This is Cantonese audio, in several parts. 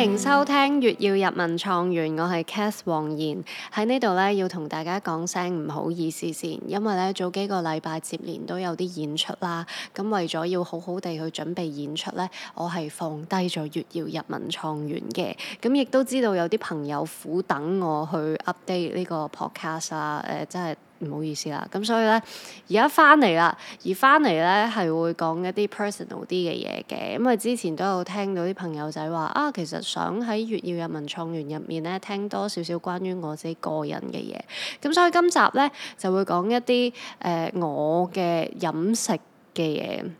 歡迎、嗯、收聽《粵要入文創園》，我係 Cath 黃妍喺呢度咧，要同大家講聲唔好意思先，因為咧早幾個禮拜接連都有啲演出啦，咁、嗯、為咗要好好地去準備演出咧，我係放低咗《粵要入文創園》嘅，咁亦都知道有啲朋友苦等我去 update 呢個 podcast 啊，誒、呃，即係。唔好意思啦，咁所以呢，而家翻嚟啦，而翻嚟呢，係會講一啲 personal 啲嘅嘢嘅，因為之前都有聽到啲朋友仔話啊，其實想喺粵語人民創園入面呢，聽多，多少少關於我自己個人嘅嘢，咁所以今集呢，就會講一啲誒、呃、我嘅飲食嘅嘢。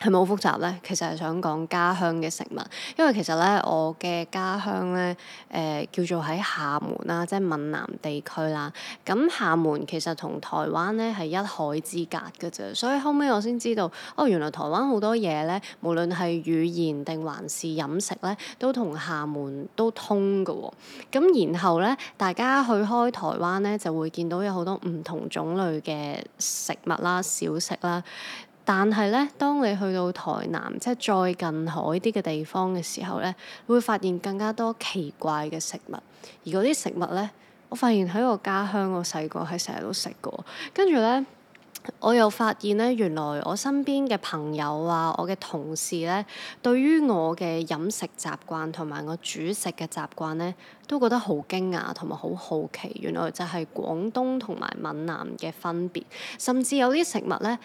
係咪好複雜呢？其實係想講家鄉嘅食物，因為其實呢，我嘅家鄉呢誒、呃、叫做喺廈門啦，即係閩南地區啦。咁廈門其實同台灣呢係一海之隔嘅啫，所以後尾我先知道，哦，原來台灣好多嘢呢，無論係語言定還是飲食呢，都同廈門都通嘅喎、哦。咁然後呢，大家去開台灣呢，就會見到有好多唔同種類嘅食物啦、小食啦。但係咧，當你去到台南，即係再近海啲嘅地方嘅時候咧，會發現更加多奇怪嘅食物。而嗰啲食物咧，我發現喺我家鄉，我細個係成日都食過。跟住咧，我又發現咧，原來我身邊嘅朋友啊，我嘅同事咧，對於我嘅飲食習慣同埋我煮食嘅習慣咧，都覺得好驚訝同埋好好奇。原來就係廣東同埋閩南嘅分別，甚至有啲食物咧。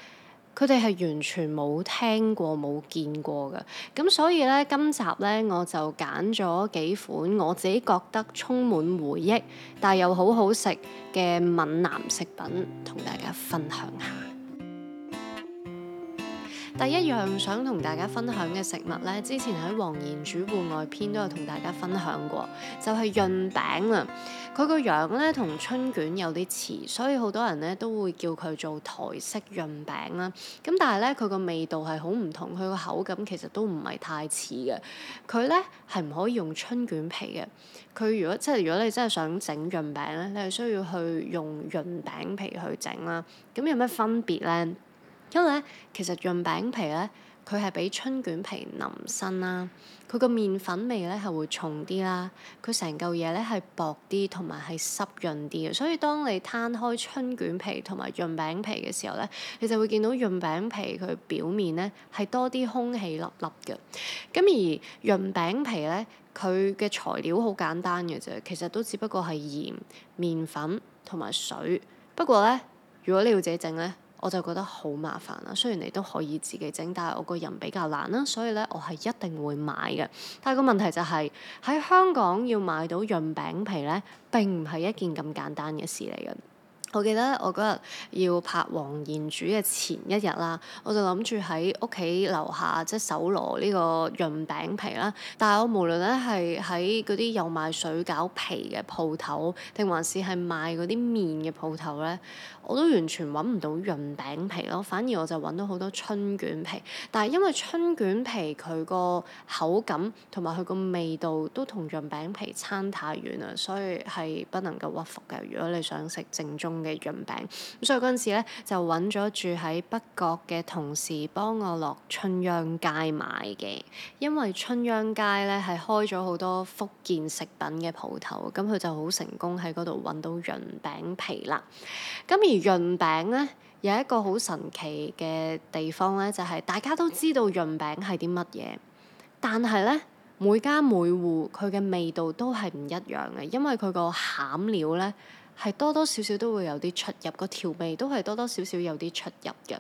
佢哋係完全冇聽過、冇見過嘅，咁所以呢，今集呢，我就揀咗幾款我自己覺得充滿回憶，但又好好食嘅閩南食品，同大家分享下。第一樣想同大家分享嘅食物呢，之前喺黃妍煮戶外篇都有同大家分享過，就係潤餅啊。佢個樣呢，同春卷有啲似，所以好多人呢都會叫佢做台式潤餅啦。咁但係呢，佢個味道係好唔同，佢個口感其實都唔係太似嘅。佢呢，係唔可以用春卷皮嘅。佢如果即係如果你真係想整潤餅呢，你係需要去用潤餅皮去整啦。咁有咩分別呢？因為咧，其實潤餅皮咧，佢係比春卷皮腍身啦、啊，佢個麵粉味咧係會重啲啦、啊，佢成嚿嘢咧係薄啲同埋係濕潤啲嘅，所以當你攤開春卷皮同埋潤餅皮嘅時候咧，你就會見到潤餅皮佢表面咧係多啲空氣粒粒嘅，咁而潤餅皮咧佢嘅材料好簡單嘅啫，其實都只不過係鹽、麵粉同埋水，不過咧如果你要自己整咧。我就覺得好麻煩啦，雖然你都可以自己整，但係我個人比較懶啦，所以咧我係一定會買嘅。但係個問題就係，喺香港要買到潤餅皮咧，並唔係一件咁簡單嘅事嚟嘅。我記得我嗰日要拍黃賢煮嘅前一日啦，我就諗住喺屋企樓下即係搜羅呢個潤餅皮啦。但係我無論咧係喺嗰啲有賣水餃皮嘅鋪頭，定還是係賣嗰啲麵嘅鋪頭咧，我都完全揾唔到潤餅皮咯。反而我就揾到好多春卷皮。但係因為春卷皮佢個口感同埋佢個味道都同潤餅皮差太遠啦，所以係不能夠屈服嘅。如果你想食正宗，嘅潤餅，咁所以嗰陣時咧就揾咗住喺北角嘅同事幫我落春秧街買嘅，因為春秧街咧係開咗好多福建食品嘅鋪頭，咁佢就好成功喺嗰度揾到潤餅皮啦。咁而潤餅咧有一個好神奇嘅地方咧，就係大家都知道潤餅係啲乜嘢，但係咧每家每戶佢嘅味道都係唔一樣嘅，因為佢個餡料咧。係多多少少都會有啲出入，個調味都係多多少少有啲出入嘅。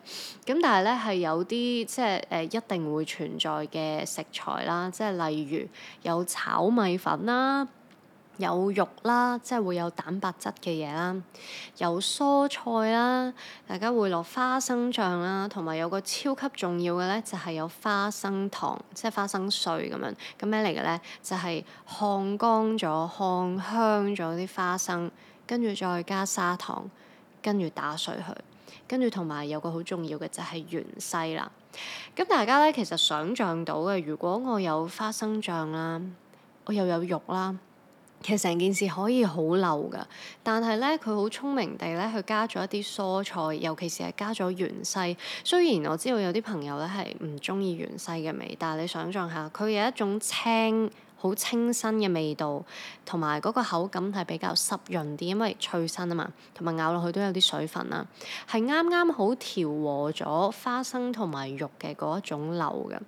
咁但係咧係有啲即係誒、呃、一定會存在嘅食材啦，即係例如有炒米粉啦，有肉啦，即係會有蛋白質嘅嘢啦，有蔬菜啦，大家會落花生醬啦，同埋有個超級重要嘅咧，就係、是、有花生糖，即係花生碎咁樣。咁咩嚟嘅咧？就係、是、烘乾咗、烘香咗啲花生。跟住再加砂糖，跟住打碎佢，跟住同埋有個好重要嘅就係芫茜啦。咁大家咧，其實想像到嘅，如果我有花生醬啦，我又有肉啦，其實成件事可以好漏噶。但係咧，佢好聰明地咧，佢加咗一啲蔬菜，尤其是係加咗芫茜。雖然我知道有啲朋友咧係唔中意芫茜嘅味，但係你想像下，佢有一種青。好清新嘅味道，同埋嗰個口感係比較濕潤啲，因為脆身啊嘛，同埋咬落去都有啲水分啦，係啱啱好調和咗花生同埋肉嘅嗰一種流嘅，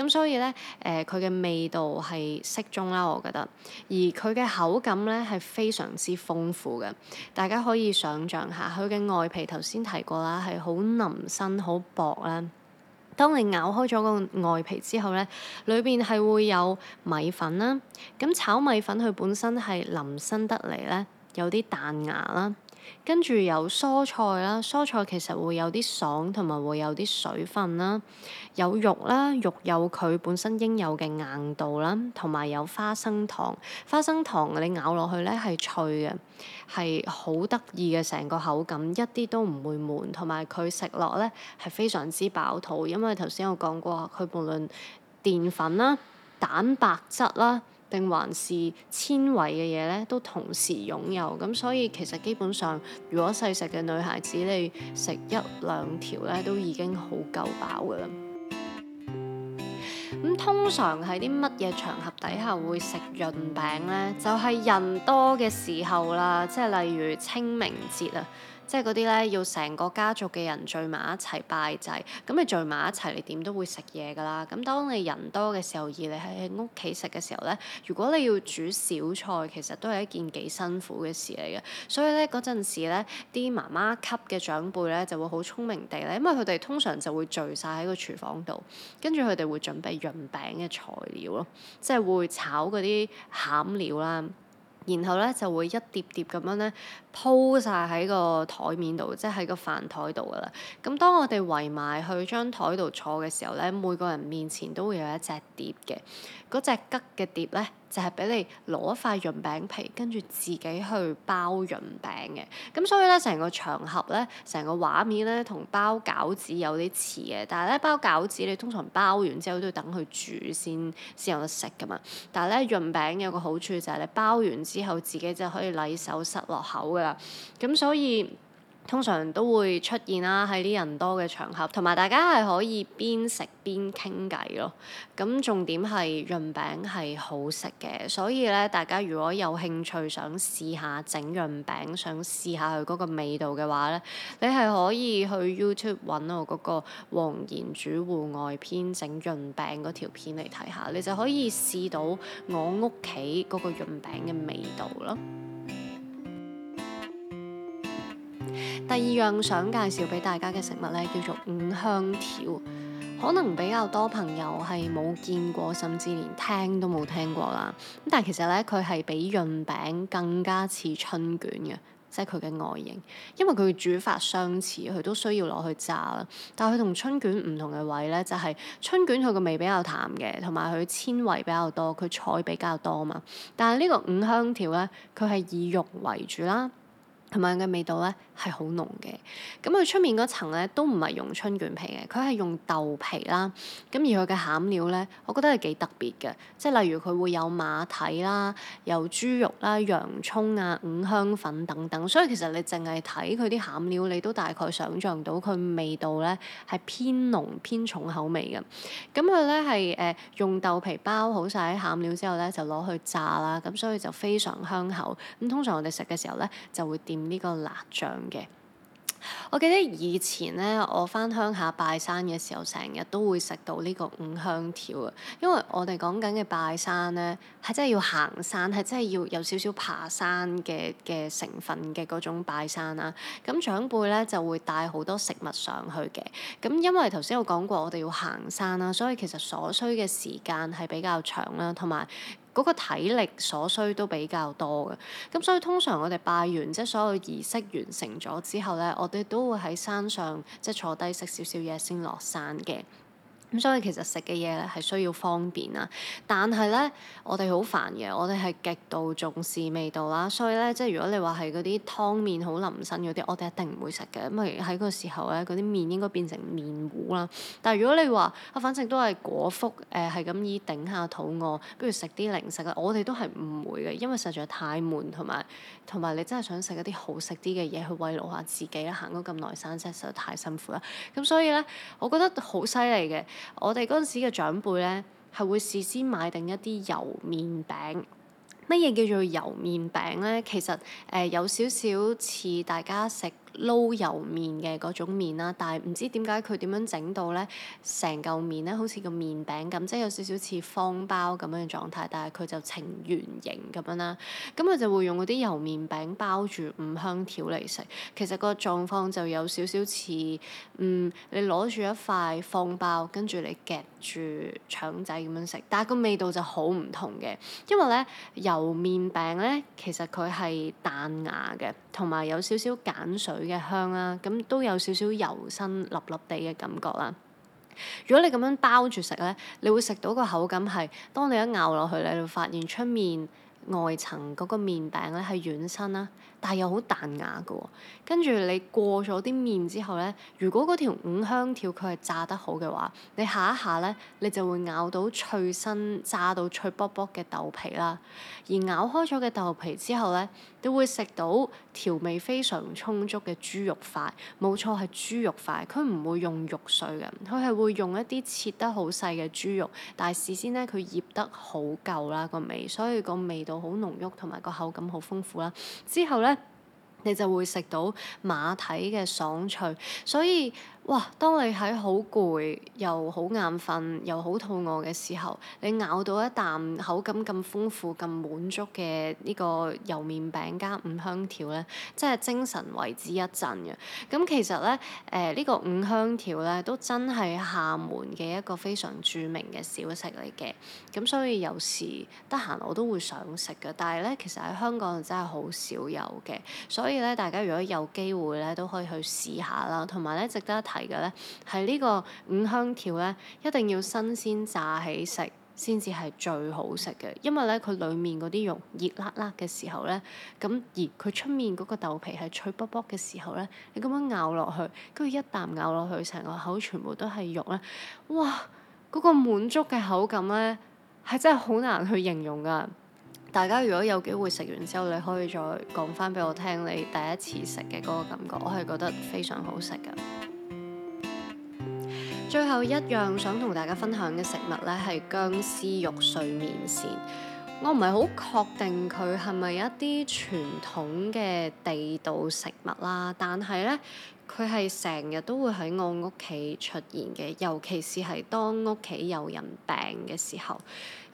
咁所以呢，誒、呃，佢嘅味道係適中啦，我覺得，而佢嘅口感呢係非常之豐富嘅，大家可以想像下，佢嘅外皮頭先提過啦，係好腍身、好薄啦。當你咬開咗個外皮之後咧，裏邊係會有米粉啦。咁炒米粉佢本身係腍身得嚟咧，有啲彈牙啦。跟住有蔬菜啦，蔬菜其實會有啲爽同埋會有啲水分啦，有肉啦，肉有佢本身應有嘅硬度啦，同埋有，有花生糖，花生糖你咬落去咧係脆嘅，係好得意嘅，成個口感一，一啲都唔會悶，同埋佢食落咧係非常之飽肚，因為頭先我講過佢無論澱粉啦、蛋白質啦。定還是纖維嘅嘢咧，都同時擁有咁，所以其實基本上，如果細食嘅女孩子你食一兩條咧，都已經好夠飽噶啦。咁通常喺啲乜嘢場合底下會食潤餅呢？就係人多嘅時候啦，即係例如清明節啊。即係嗰啲咧，要成個家族嘅人聚埋一齊拜祭，咁你聚埋一齊，你點都會食嘢㗎啦。咁當你人多嘅時候，而你喺屋企食嘅時候咧，如果你要煮小菜，其實都係一件幾辛苦嘅事嚟嘅。所以咧，嗰陣時咧，啲媽媽級嘅長輩咧就會好聰明地咧，因為佢哋通常就會聚晒喺個廚房度，跟住佢哋會準備潤餅嘅材料咯，即係會炒嗰啲餡料啦。然後咧就會一碟碟咁樣咧鋪曬喺個台面度，即係喺個飯台度㗎啦。咁當我哋圍埋去張台度坐嘅時候咧，每個人面前都會有一隻碟嘅，嗰隻吉嘅碟咧。就係俾你攞塊潤餅皮，跟住自己去包潤餅嘅。咁所以咧，成個場合咧，成個畫面咧，同包餃子有啲似嘅。但係咧，包餃子你通常包完之後都要等佢煮先先有得食㗎嘛。但係咧，潤餅有個好處就係你包完之後自己就可以禮手塞落口㗎啦。咁所以，通常都會出現啦，喺啲人多嘅場合，同埋大家係可以邊食邊傾偈咯。咁重點係潤餅係好食嘅，所以咧，大家如果有興趣想試下整潤餅，想試下佢嗰個味道嘅話咧，你係可以去 YouTube 揾我嗰、那個黃妍煮戶外篇整潤餅嗰條片嚟睇下，你就可以試到我屋企嗰個潤餅嘅味道咯。第二樣想介紹俾大家嘅食物咧，叫做五香條，可能比較多朋友係冇見過，甚至連聽都冇聽過啦。咁但係其實咧，佢係比潤餅更加似春卷嘅，即係佢嘅外形，因為佢嘅煮法相似，佢都需要攞去炸啦。但係佢同春捲唔同嘅位咧，就係春卷佢個味比較淡嘅，同埋佢纖維比較多，佢菜比較多嘛。但係呢個五香條咧，佢係以肉為主啦。同埋嘅味道咧，係好濃嘅，咁佢出面嗰層咧都唔係用春卷皮嘅，佢係用豆皮啦。咁而佢嘅餡料咧，我覺得係幾特別嘅，即係例如佢會有馬蹄啦、有豬肉啦、洋蔥啊、五香粉等等。所以其實你淨係睇佢啲餡料，你都大概想象到佢味道咧係偏濃偏重口味嘅。咁佢咧係誒用豆皮包好晒餡料之後咧，就攞去炸啦。咁所以就非常香口。咁通常我哋食嘅時候咧就會點。呢個辣醬嘅，我記得以前咧，我翻鄉下拜山嘅時候，成日都會食到呢個五香條啊。因為我哋講緊嘅拜山咧，係真係要行山，係真係要有少少爬山嘅嘅成分嘅嗰種拜山啦。咁長輩咧就會帶好多食物上去嘅。咁因為頭先我講過，我哋要行山啦，所以其實所需嘅時間係比較長啦，同埋，嗰個體力所需都比較多嘅，咁所以通常我哋拜完即係所有儀式完成咗之後咧，我哋都會喺山上即係坐低食少少嘢先落山嘅。咁、嗯、所以其實食嘅嘢咧係需要方便啦，但係咧我哋好煩嘅，我哋係極度重視味道啦。所以咧，即係如果你話係嗰啲湯麵好腍身嗰啲，我哋一定唔會食嘅，因為喺個時候咧，嗰啲麵應該變成麵糊啦。但係如果你話啊，反正都係果腹誒，係咁以頂下肚餓，不如食啲零食啊，我哋都係唔會嘅，因為實在太悶，同埋同埋你真係想食一啲好食啲嘅嘢去慰勞下自己啦。行咗咁耐山車實在太辛苦啦。咁所以咧，我覺得好犀利嘅。我哋嗰陣時嘅長輩呢，係會事先買定一啲油麵餅。乜嘢叫做油麵餅呢？其實誒、呃、有少少似大家食撈油麵嘅嗰種麵啦，但係唔知點解佢點樣整到咧？成嚿麵咧，好似個麵餅咁，即係有少少似方包咁樣嘅狀態，但係佢就呈圓形咁樣啦。咁佢就會用嗰啲油麵餅包住五香條嚟食。其實個狀況就有少少似，嗯，你攞住一塊方包，跟住你夾。住腸仔咁樣食，但係個味道就好唔同嘅，因為呢油麵餅呢，其實佢係彈牙嘅，同埋有少少鹼水嘅香啦，咁都有少少油身、粒粒地嘅感覺啦。如果你咁樣包住食呢，你會食到個口感係，當你一咬落去你會發現出面外層嗰個麵餅呢係軟身啦。但係又好彈牙噶哦，跟住你過咗啲麵之後咧，如果條五香條佢係炸得好嘅話，你下一下咧，你就會咬到脆身炸到脆卜卜嘅豆皮啦。而咬開咗嘅豆皮之後咧，你會食到調味非常充足嘅豬肉塊，冇錯係豬肉塊，佢唔會用肉碎嘅，佢係會用一啲切得好細嘅豬肉。但係事先咧，佢醃得好夠啦個味，所以個味道好濃郁，同埋個口感好豐富啦。之後咧。你就會食到馬蹄嘅爽脆，所以。哇！當你喺好攰，又好眼瞓，又好肚餓嘅時候，你咬到一啖口，口感咁豐富、咁滿足嘅呢個油麵餅加五香條呢，真係精神為之一振嘅。咁其實呢，誒、呃、呢、呢個五香條呢都真係廈門嘅一個非常著名嘅小食嚟嘅。咁所以有時得閒我都會想食嘅，但係呢，其實喺香港是真係好少有嘅。所以呢，大家如果有機會呢，都可以去試下啦。同埋呢，值得一。係嘅咧，係呢個五香條咧，一定要新鮮炸起食先至係最好食嘅。因為咧，佢裡面嗰啲肉熱辣辣嘅時候咧，咁而佢出面嗰個豆皮係脆卜卜嘅時候咧，你咁樣咬落去，跟住一啖咬落去，成個口全部都係肉咧，哇！嗰個滿足嘅口感咧，係真係好難去形容噶。大家如果有機會食完之後，你可以再講翻俾我聽你第一次食嘅嗰個感覺，我係覺得非常好食噶。最後一樣想同大家分享嘅食物咧，係薑絲肉碎麵線。我唔係好確定佢係咪一啲傳統嘅地道食物啦，但係呢，佢係成日都會喺我屋企出現嘅，尤其是係當屋企有人病嘅時候。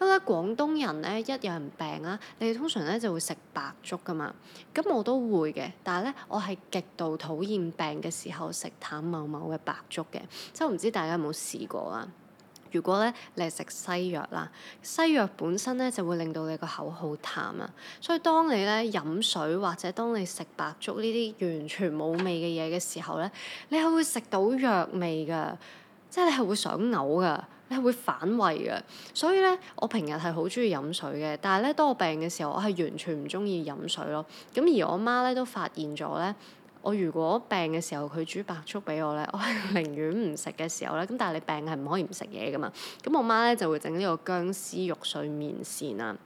因為呢，廣東人咧，一有人病啦，你哋通常咧就會食白粥噶嘛。咁，嗯，我都會嘅，但係咧，我係極度討厭病嘅時候食淡茂茂嘅白粥嘅，即係唔知大家有冇試過啊？如果咧，你食西藥啦，西藥本身咧就會令到你個口好淡啊，所以當你咧飲水或者當你食白粥呢啲完全冇味嘅嘢嘅時候咧，你係會食到藥味㗎，即係你係會想嘔㗎，你係會反胃㗎，所以咧我平日係好中意飲水嘅，但係咧當我病嘅時候，我係完全唔中意飲水咯。咁而我媽咧都發現咗咧。我如果病嘅時候，佢煮白粥俾我咧，我係寧願唔食嘅時候咧。咁但係你病係唔可以唔食嘢噶嘛？咁我媽咧就會整呢個薑絲肉碎麵線啊。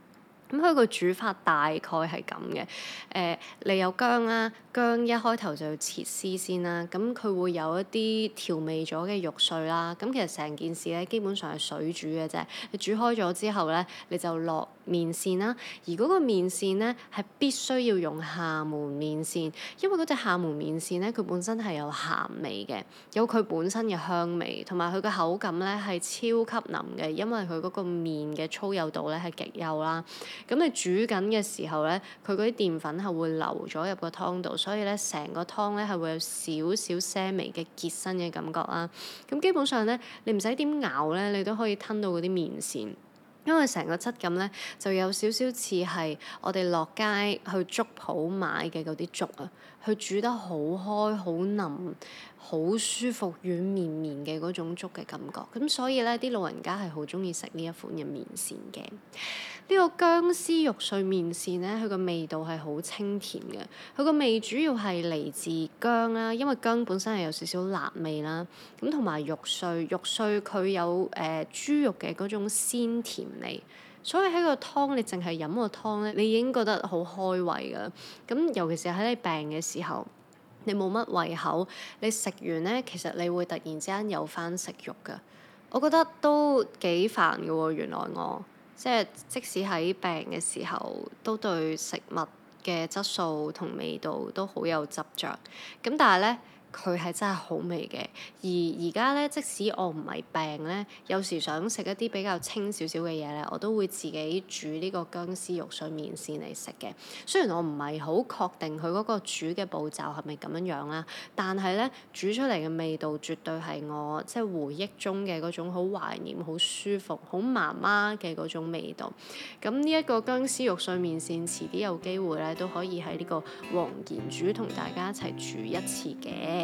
咁佢個煮法大概係咁嘅。誒、呃，你有薑啦，薑一開頭就要切絲先啦。咁佢會有一啲調味咗嘅肉碎啦。咁其實成件事咧，基本上係水煮嘅啫。你煮開咗之後咧，你就落麵線啦、啊，而嗰個麵線咧係必須要用廈門麵線，因為嗰隻廈門麵線咧，佢本身係有鹹味嘅，有佢本身嘅香味，同埋佢個口感咧係超級腍嘅，因為佢嗰個麵嘅粗幼度咧係極幼啦。咁你煮緊嘅時候咧，佢嗰啲澱粉係會流咗入個湯度，所以咧成個湯咧係會有少少腥味嘅結身嘅感覺啦。咁基本上咧，你唔使點咬咧，你都可以吞到嗰啲麵線。因為成個質感咧，就有少少似係我哋落街去粥鋪買嘅嗰啲粥啊。佢煮得好開、好腍、好舒服、軟綿綿嘅嗰種粥嘅感覺，咁所以咧啲老人家係好中意食呢一款嘅麵線嘅。呢個薑絲肉碎麵線咧，佢個味道係好清甜嘅。佢個味主要係嚟自薑啦，因為薑本身係有少少辣味啦。咁同埋肉碎，肉碎佢有誒豬肉嘅嗰種鮮甜味。所以喺個湯，你淨係飲個湯咧，你已經覺得好開胃噶。咁尤其是喺你病嘅時候，你冇乜胃口，你食完咧，其實你會突然之間有返食慾噶。我覺得都幾煩噶喎，原來我即係、就是、即使喺病嘅時候，都對食物嘅質素同味道都好有執著。咁但係咧。佢係真係好味嘅，而而家呢，即使我唔係病呢，有時想食一啲比較清少少嘅嘢呢，我都會自己煮呢個薑絲肉碎麵線嚟食嘅。雖然我唔係好確定佢嗰個煮嘅步驟係咪咁樣樣啦，但係呢，煮出嚟嘅味道絕對係我即係、就是、回憶中嘅嗰種好懷念、好舒服、好媽媽嘅嗰種味道。咁呢一個薑絲肉碎麵線，遲啲有機會呢，都可以喺呢個黃妍煮同大家一齊煮一次嘅。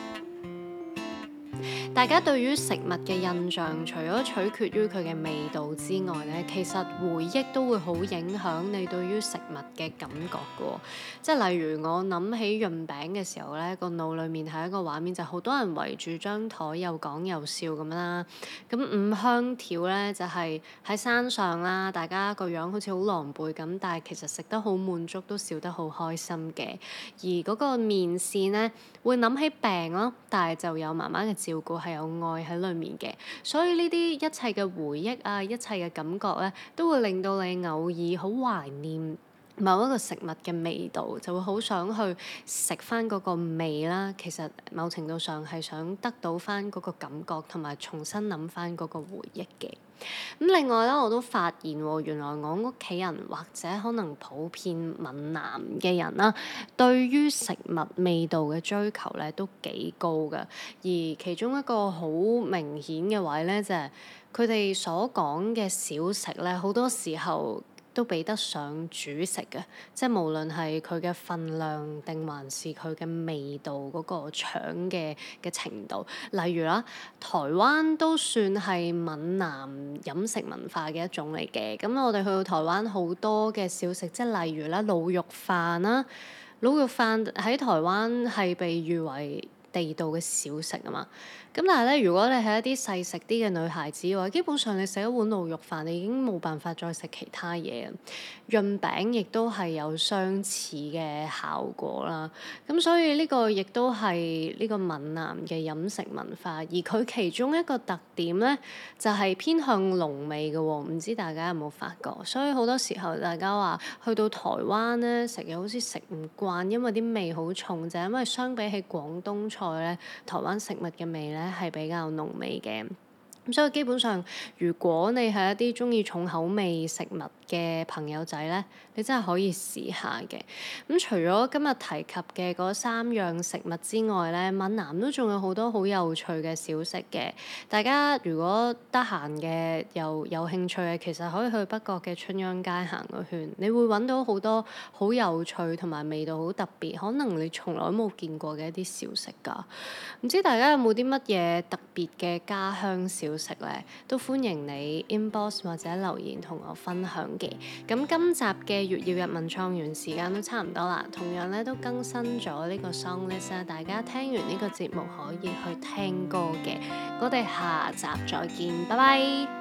大家對於食物嘅印象，除咗取決於佢嘅味道之外咧，其實回憶都會好影響你對於食物嘅感覺嘅。即係例如我諗起潤餅嘅時候咧，個腦裏面係一個畫面，就好多人圍住張台又講又笑咁啦。咁五香條咧就係喺山上啦，大家個樣好似好狼狽咁，但係其實食得好滿足，都笑得好開心嘅。而個麵線咧，會諗起病咯，但係就有媽媽嘅照顧。係有愛喺裏面嘅，所以呢啲一切嘅回憶啊，一切嘅感覺咧、啊，都會令到你偶爾好懷念某一個食物嘅味道，就會好想去食翻嗰個味啦。其實某程度上係想得到翻嗰個感覺，同埋重新諗翻嗰個回憶嘅。咁另外咧，我都發現、哦、原來我屋企人或者可能普遍閩南嘅人啦，對於食物味道嘅追求咧，都幾高㗎。而其中一個好明顯嘅位咧，就係佢哋所講嘅小食咧，好多時候。都比得上主食嘅，即係無論係佢嘅份量定還是佢嘅味道嗰、那個嗆嘅嘅程度。例如啦，台灣都算係閩南飲食文化嘅一種嚟嘅。咁我哋去到台灣好多嘅小食，即係例如啦，滷肉飯啦、啊，滷肉飯喺台灣係被譽為地道嘅小食啊嘛。咁但係咧，如果你係一啲細食啲嘅女孩子嘅話，基本上你食一碗滷肉飯你已經冇辦法再食其他嘢。潤餅亦都係有相似嘅效果啦。咁所以呢個亦都係呢個閩南嘅飲食文化，而佢其中一個特點咧，就係偏向濃味嘅喎。唔知大家有冇發覺？所以好多時候大家話去到台灣咧食嘢好似食唔慣，因為啲味好重就係因為相比起廣東菜咧，台灣食物嘅味咧～咧係比較濃味嘅，咁所以基本上，如果你係一啲中意重口味食物。嘅朋友仔呢，你真係可以試下嘅。咁、嗯、除咗今日提及嘅嗰三樣食物之外呢，閩南都仲有好多好有趣嘅小食嘅。大家如果得閒嘅又有興趣嘅，其實可以去北角嘅春秧街行個圈，你會揾到好多好有趣同埋味道好特別，可能你從來冇見過嘅一啲小食㗎。唔知大家有冇啲乜嘢特別嘅家鄉小食呢？都歡迎你 inbox 或者留言同我分享。咁今集嘅粵語日文創園時間都差唔多啦，同樣咧都更新咗呢個 song list 啦，大家聽完呢個節目可以去聽歌嘅，我哋下集再見，拜拜。